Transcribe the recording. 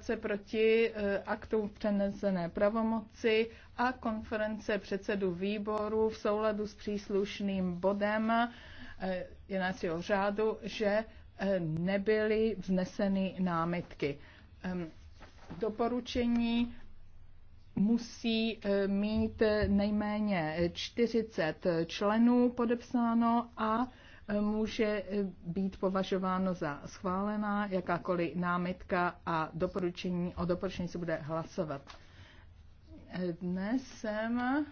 se proti eh, aktům přenesené pravomoci a konference předsedu výboru v souladu s příslušným bodem eh, jednacího řádu, že eh, nebyly vzneseny námitky. Ehm, doporučení musí mít nejméně 40 členů podepsáno a může eh, být považováno za schválená, jakákoliv námitka a doporučení, o doporučení se bude hlasovat. Eh, dnes jsem